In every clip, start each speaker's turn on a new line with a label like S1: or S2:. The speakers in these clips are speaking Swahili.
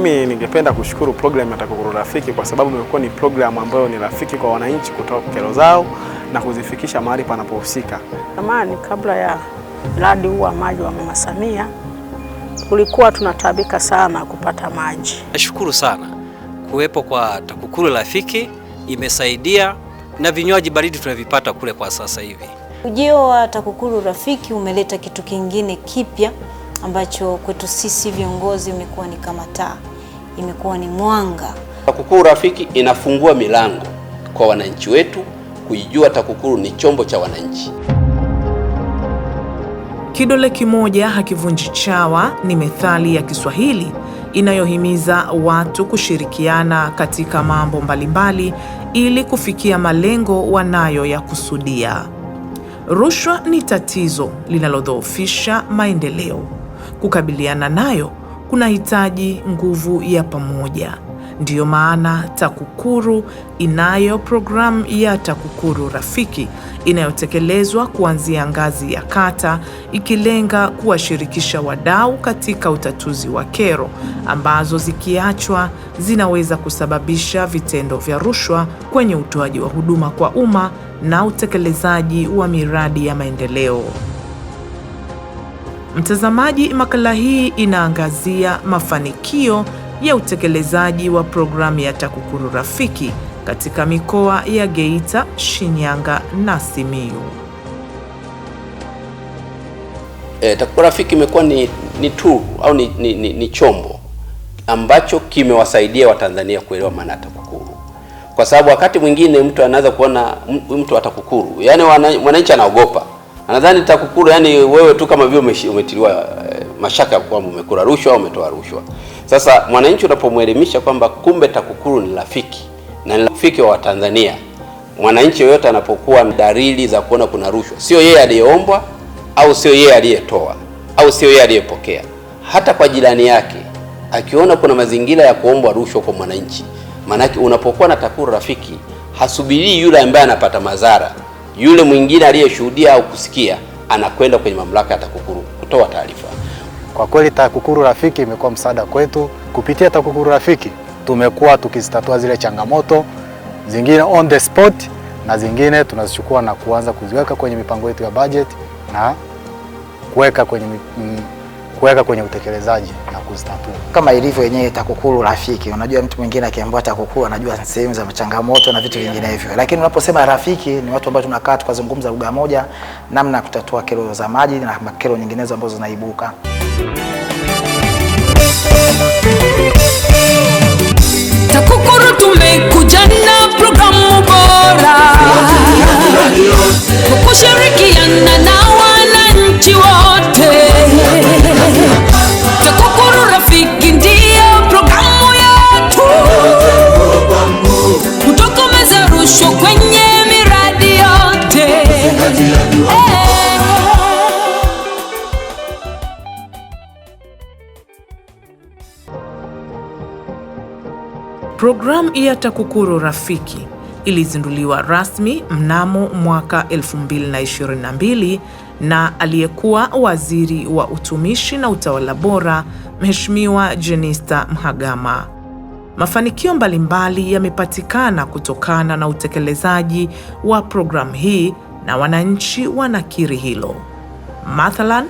S1: Mimi ningependa kushukuru programu ya TAKUKURU Rafiki kwa sababu imekuwa ni programu ambayo ni rafiki kwa wananchi kutoa kero zao na kuzifikisha mahali panapohusika.
S2: Zamani kabla ya mradi huu wa maji wa Mama Samia kulikuwa tunatabika sana kupata maji.
S3: Nashukuru sana kuwepo kwa TAKUKURU Rafiki, imesaidia na vinywaji baridi tunavipata kule kwa sasa hivi.
S4: Ujio wa TAKUKURU Rafiki umeleta kitu kingine kipya ambacho kwetu sisi viongozi imekuwa ni kama taa, imekuwa ni mwanga.
S5: TAKUKURU Rafiki inafungua milango kwa wananchi wetu kuijua TAKUKURU ni chombo cha wananchi.
S6: Kidole kimoja hakivunji chawa ni methali ya Kiswahili inayohimiza watu kushirikiana katika mambo mbalimbali ili kufikia malengo wanayoyakusudia. Rushwa ni tatizo linalodhoofisha maendeleo. Kukabiliana nayo kunahitaji nguvu ya pamoja. Ndiyo maana TAKUKURU inayo programu ya TAKUKURU Rafiki inayotekelezwa kuanzia ngazi ya kata, ikilenga kuwashirikisha wadau katika utatuzi wa kero ambazo zikiachwa zinaweza kusababisha vitendo vya rushwa kwenye utoaji wa huduma kwa umma na utekelezaji wa miradi ya maendeleo. Mtazamaji, makala hii inaangazia mafanikio ya utekelezaji wa programu ya TAKUKURU Rafiki katika mikoa ya Geita, Shinyanga na Simiyu.
S5: E, TAKUKURU Rafiki imekuwa ni, ni tu au ni, ni, ni, ni chombo ambacho kimewasaidia Watanzania kuelewa maana ya TAKUKURU kwa sababu wakati mwingine mtu anaanza kuona mtu wa TAKUKURU, yaani mwananchi anaogopa Nadhani TAKUKURU yani wewe tu kama vile umetiliwa eh, mashaka mashaka kwamba umekula rushwa au umetoa rushwa. Sasa mwananchi unapomwelimisha kwamba kumbe TAKUKURU ni rafiki na ni rafiki wa Watanzania, mwananchi yoyote anapokuwa dalili za kuona kuna rushwa, sio yeye aliyeombwa au sio yeye aliyetoa au sio yeye aliyepokea, hata kwa jirani yake akiona kuna mazingira ya kuombwa rushwa kwa mwananchi, maanake unapokuwa na TAKUKURU rafiki, hasubirii yule ambaye anapata madhara yule mwingine aliyeshuhudia au kusikia anakwenda kwenye mamlaka ya TAKUKURU kutoa taarifa.
S1: Kwa kweli TAKUKURU Rafiki imekuwa msaada kwetu. Kupitia TAKUKURU Rafiki tumekuwa tukizitatua zile changamoto zingine on the spot na zingine tunazichukua na kuanza kuziweka kwenye mipango yetu ya budget na kuweka kwenye, mm, kuweka kwenye utekelezaji kuzitatua,
S7: kama ilivyo yenyewe TAKUKURU rafiki. Unajua mtu mwingine akiambiwa TAKUKURU anajua sehemu za changamoto na vitu hivyo, lakini unaposema rafiki ni watu ambao tunakaa tukazungumza lugha moja, namna ya kutatua kero za maji na kero nyinginezo ambazo zinaibuka.
S6: Programu ya TAKUKURU Rafiki ilizinduliwa rasmi mnamo mwaka 2022 na aliyekuwa Waziri wa Utumishi na Utawala Bora, Mheshimiwa Jenista Mhagama. Mafanikio mbalimbali yamepatikana kutokana na utekelezaji wa programu hii na wananchi wanakiri hilo. Mathalan,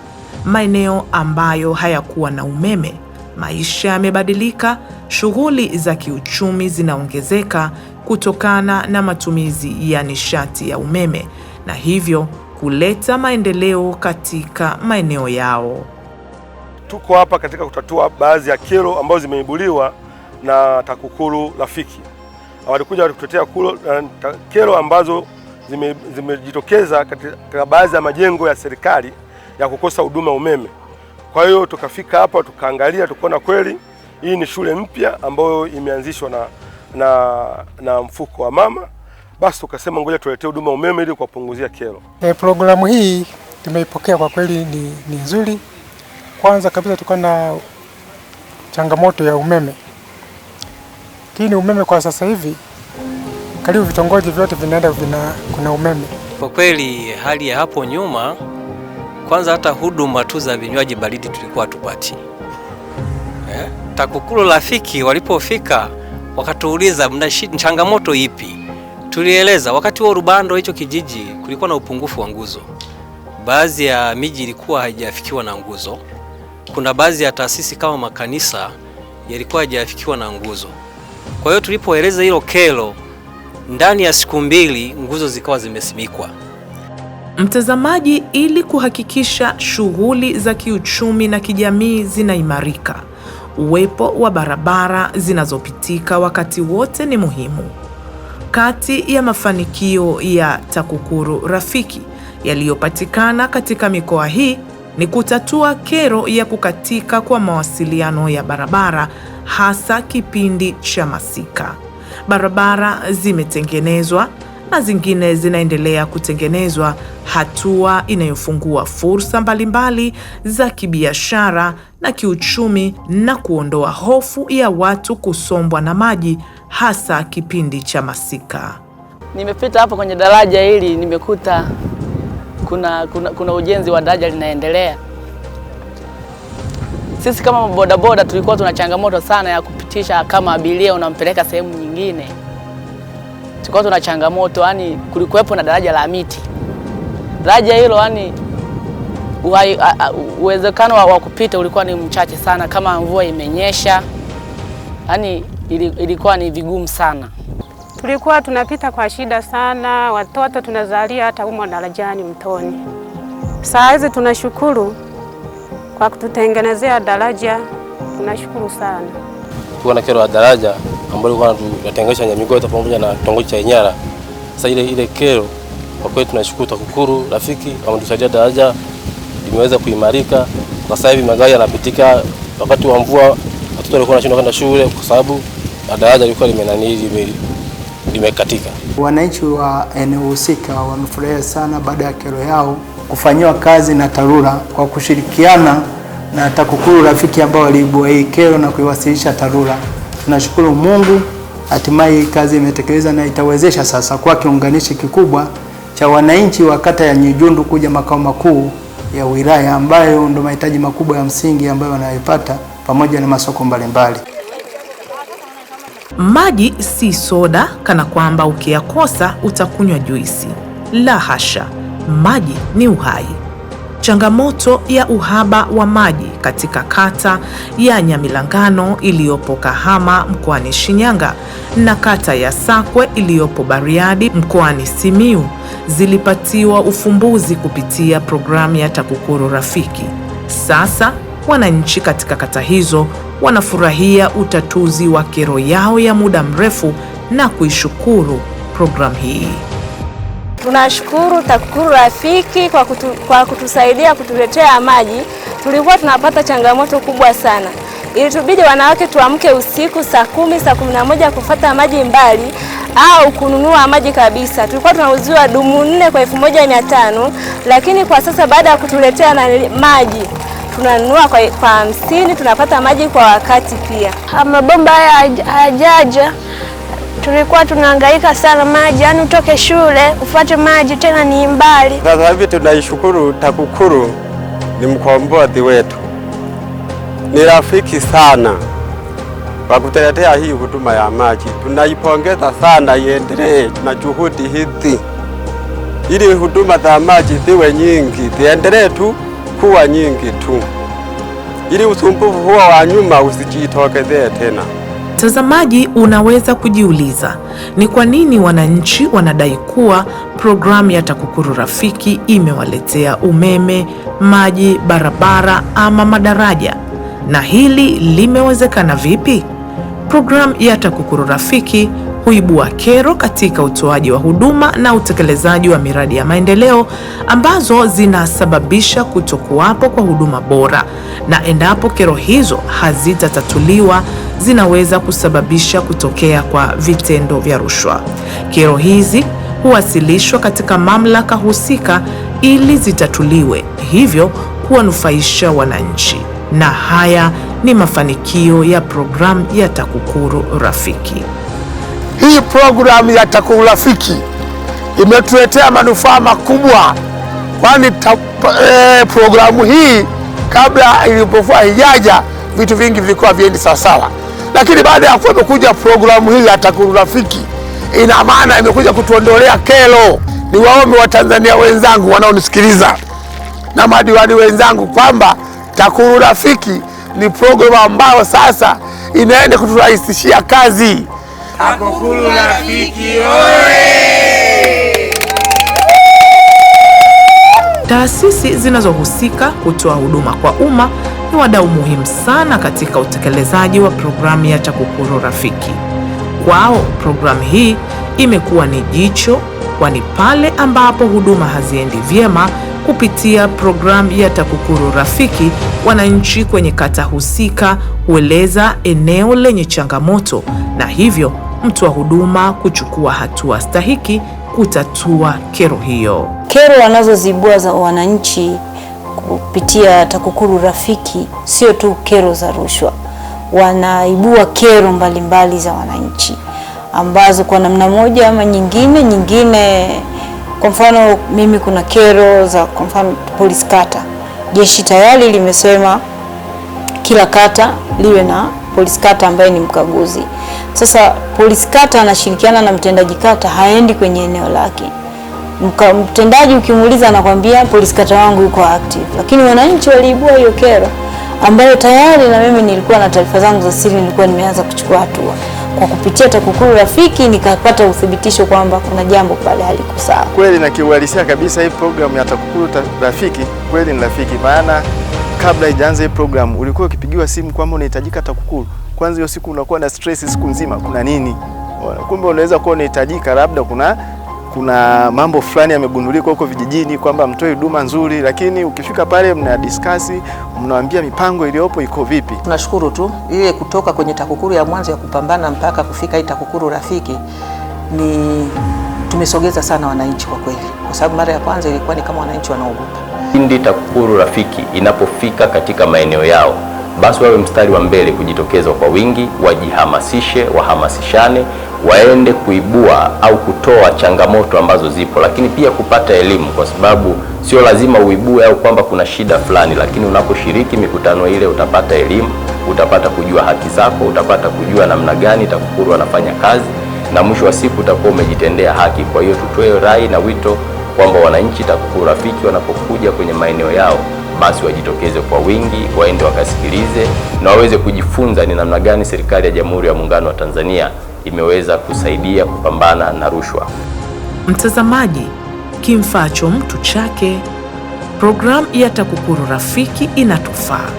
S6: maeneo ambayo hayakuwa na umeme maisha yamebadilika, shughuli za kiuchumi zinaongezeka kutokana na matumizi ya nishati ya umeme na hivyo kuleta maendeleo katika maeneo yao.
S8: Tuko hapa katika kutatua baadhi ya kero ambazo zimeibuliwa na TAKUKURU Rafiki. Walikuja walikutetea kero ambazo zimejitokeza zime katika baadhi ya majengo ya serikali ya kukosa huduma umeme. Kwa hiyo tukafika hapa tukaangalia, tukaona kweli hii ni shule mpya ambayo imeanzishwa na, na, na mfuko wa mama. Basi tukasema ngoja tuletee huduma umeme ili kuwapunguzia kero.
S9: E, programu hii tumeipokea kwa kweli ni, ni nzuri. Kwanza kabisa tulikuwa na changamoto ya umeme, lakini umeme kwa sasa hivi karibu vitongoji vyote vinaenda vina kuna umeme.
S3: Kwa kweli hali ya hapo nyuma kwanza hata huduma tu za vinywaji baridi tulikuwa tupati eh? TAKUKURU rafiki walipofika wakatuuliza mna changamoto ipi? Tulieleza wakati wa Rubando, hicho kijiji kulikuwa na upungufu wa nguzo, baadhi ya miji ilikuwa haijafikiwa na nguzo. Kuna baadhi ya taasisi kama makanisa yalikuwa hajafikiwa na nguzo. Kwa hiyo tulipoeleza hilo kero, ndani ya siku mbili nguzo zikawa zimesimikwa.
S6: Mtazamaji, ili kuhakikisha shughuli za kiuchumi na kijamii zinaimarika, uwepo wa barabara zinazopitika wakati wote ni muhimu. Kati ya mafanikio ya TAKUKURU Rafiki yaliyopatikana katika mikoa hii ni kutatua kero ya kukatika kwa mawasiliano ya barabara hasa kipindi cha masika. Barabara zimetengenezwa na zingine zinaendelea kutengenezwa, hatua inayofungua fursa mbalimbali za kibiashara na kiuchumi na kuondoa hofu ya watu kusombwa na maji, hasa kipindi cha masika.
S10: Nimepita hapo kwenye daraja hili, nimekuta kuna, kuna, kuna ujenzi wa daraja linaendelea. Sisi kama bodaboda tulikuwa tuna changamoto sana ya kupitisha, kama abiria unampeleka sehemu nyingine tulikuwa tuna changamoto, yani kulikuwepo na daraja la miti. Daraja hilo yani uwezekano wa kupita ulikuwa ni mchache sana, kama mvua imenyesha, yani ilikuwa ni vigumu sana.
S11: Tulikuwa tunapita kwa shida sana, watoto tunazalia hata humo darajani mtoni. Saa hizi tunashukuru kwa kututengenezea daraja, tunashukuru sana.
S12: Kuwa na kero wa daraja ambayo ilikuwa inatenganisha Nyamigota pamoja na kitongoji cha Inyara. Sasa ile ile kero kwa kweli tunashukuru TAKUKURU rafiki wametusaidia, daraja limeweza kuimarika kwa sasa hivi magari yanapitika. Wakati wa mvua watoto walikuwa wanashindwa kwenda shule kwa sababu daraja lilikuwa limenani limekatika.
S9: Wananchi wa eneo husika wamefurahia sana baada ya kero yao kufanyiwa kazi na TARURA kwa kushirikiana na TAKUKURU rafiki ambao waliibua hii kero na kuiwasilisha TARURA. Tunashukuru Mungu, hatimaye kazi imetekeleza na itawezesha sasa kuwa kiunganishi kikubwa cha wananchi wa kata ya Nyujundu kuja makao makuu ya wilaya, ambayo ndio mahitaji makubwa ya msingi ambayo wanayopata pamoja na masoko mbalimbali.
S6: Maji si soda, kana kwamba ukiyakosa utakunywa juisi. La hasha, maji ni uhai changamoto ya uhaba wa maji katika kata ya Nyamilangano iliyopo Kahama mkoani Shinyanga na kata ya Sakwe iliyopo Bariadi mkoani simiu zilipatiwa ufumbuzi kupitia programu ya TAKUKURU Rafiki. Sasa wananchi katika kata hizo wanafurahia utatuzi wa kero yao ya muda mrefu na kuishukuru programu hii.
S13: Tunashukuru TAKUKURU Rafiki kwa, kutu, kwa kutusaidia kutuletea maji. Tulikuwa tunapata changamoto kubwa sana, ilitubidi wanawake tuamke usiku saa kumi saa kumi na moja kufata maji mbali au kununua maji kabisa. Tulikuwa tunauziwa dumu nne kwa elfu moja mia tano lakini kwa sasa baada ya kutuletea na maji tunanunua kwa hamsini tunapata maji kwa wakati. Pia
S14: ah, mabomba haya hayajaja tulikuwa tunahangaika sana maji, yaani utoke shule ufuate maji tena ni mbali.
S15: Sasa hivi tunaishukuru TAKUKURU ni mkombozi wetu, ni rafiki sana kwa kutetea hii huduma ya maji. Tunaipongeza sana, iendelee na juhudi hizi ili huduma za maji ziwe nyingi, ziendelee tu kuwa nyingi tu, ili usumbufu huo wa nyuma usijitokezee tena.
S6: Mtazamaji, unaweza kujiuliza ni kwa nini wananchi wanadai kuwa programu ya TAKUKURU Rafiki imewaletea umeme, maji, barabara ama madaraja, na hili limewezekana vipi? Programu ya TAKUKURU Rafiki huibua kero katika utoaji wa huduma na utekelezaji wa miradi ya maendeleo ambazo zinasababisha kutokuwapo kwa huduma bora, na endapo kero hizo hazitatatuliwa zinaweza kusababisha kutokea kwa vitendo vya rushwa. Kero hizi huwasilishwa katika mamlaka husika ili zitatuliwe, hivyo kuwanufaisha wananchi. Na haya ni mafanikio ya programu ya TAKUKURU Rafiki.
S16: Hii programu ya Rafiki imetuletea manufaa makubwa, kwani eh, programu hii kabla ilipokuwa hijaja vitu vingi vilikuwa viendi sawasawa, lakini baada ya kuwa imekuja programu hii ya Rafiki ina maana imekuja kutuondolea kero. Ni waombe Watanzania wenzangu wanaonisikiliza na madiwani wenzangu kwamba Rafiki ni programu ambayo sasa inaenda kuturahisishia kazi.
S17: Akukulu rafiki oye!
S6: Taasisi zinazohusika kutoa huduma kwa umma ni wadau muhimu sana katika utekelezaji wa programu ya TAKUKURU Rafiki. Kwao programu hii imekuwa ni jicho, kwani pale ambapo huduma haziendi vyema kupitia programu ya TAKUKURU Rafiki, wananchi kwenye kata husika hueleza eneo lenye changamoto na hivyo mtu wa huduma kuchukua hatua stahiki kutatua kero hiyo.
S2: Kero wanazozibua za wananchi kupitia TAKUKURU Rafiki sio tu kero za rushwa, wanaibua kero mbalimbali mbali za wananchi ambazo kwa namna moja ama nyingine nyingine, kwa mfano mimi, kuna kero za kwa mfano polisi kata, jeshi tayari limesema kila kata liwe na polisi kata ambaye ni mkaguzi. Sasa polisi kata anashirikiana na mtendaji kata, haendi kwenye eneo lake. mtendaji ukimuuliza anakwambia polisi kata wangu yuko active, lakini wananchi waliibua hiyo kero ambayo tayari na mimi nilikuwa na taarifa zangu za siri, nilikuwa nimeanza kuchukua hatua kwa kupitia TAKUKURU Rafiki nikapata uthibitisho kwamba kuna jambo pale haliko sawa
S8: kweli, na kiuhalisia kabisa. Hii programu ya TAKUKURU Rafiki kweli ni rafiki, maana kabla haijaanza hii program ulikuwa ukipigiwa simu kwamba unahitajika TAKUKURU, kwanza hiyo siku unakuwa na stress siku nzima, kuna nini? Kumbe unaweza kuwa unahitajika, labda kuna kuna mambo fulani yamegundulika huko vijijini kwamba mtoe huduma nzuri, lakini ukifika pale mna discuss mnawaambia mipango iliyopo iko vipi.
S2: Tunashukuru tu ile kutoka kwenye TAKUKURU ya mwanzo ya kupambana mpaka kufika hii TAKUKURU rafiki ni tumesogeza sana wananchi kwa kweli, kwa sababu mara ya kwanza ilikuwa ni kama wananchi wanaogopa
S5: Pindi TAKUKURU rafiki inapofika katika maeneo yao, basi wawe mstari wa mbele kujitokeza kwa wingi, wajihamasishe, wahamasishane, waende kuibua au kutoa changamoto ambazo zipo, lakini pia kupata elimu, kwa sababu sio lazima uibue au kwamba kuna shida fulani, lakini unaposhiriki mikutano ile utapata elimu, utapata kujua haki zako, utapata kujua namna gani TAKUKURU anafanya kazi, na mwisho wa siku utakuwa umejitendea haki. Kwa hiyo tutoe rai na wito kwamba wananchi TAKUKURU rafiki wanapokuja kwenye maeneo yao basi wajitokeze kwa wingi, waende wakasikilize na waweze kujifunza ni namna gani serikali ya Jamhuri ya Muungano wa Tanzania imeweza kusaidia kupambana na rushwa.
S6: Mtazamaji, kimfaacho mtu chake, programu ya TAKUKURU Rafiki inatufaa,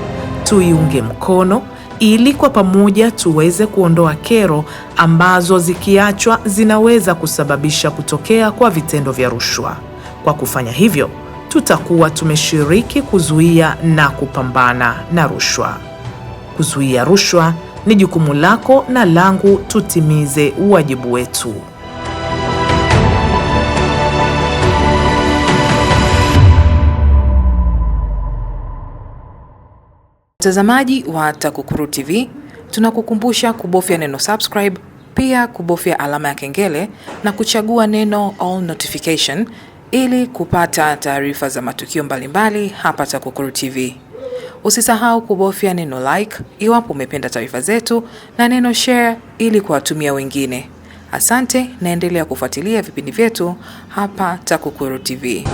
S6: tuiunge mkono ili kwa pamoja tuweze kuondoa kero ambazo zikiachwa zinaweza kusababisha kutokea kwa vitendo vya rushwa. Kwa kufanya hivyo, tutakuwa tumeshiriki kuzuia na kupambana na rushwa. Kuzuia rushwa ni jukumu lako na langu, tutimize wajibu wetu. Mtazamaji wa TAKUKURU TV, tunakukumbusha kubofya neno subscribe, pia kubofya alama ya kengele na kuchagua neno all notification ili kupata taarifa za matukio mbalimbali hapa TAKUKURU TV. Usisahau kubofya neno like iwapo umependa taarifa zetu na neno share ili kuwatumia wengine. Asante, naendelea kufuatilia vipindi vyetu hapa TAKUKURU TV.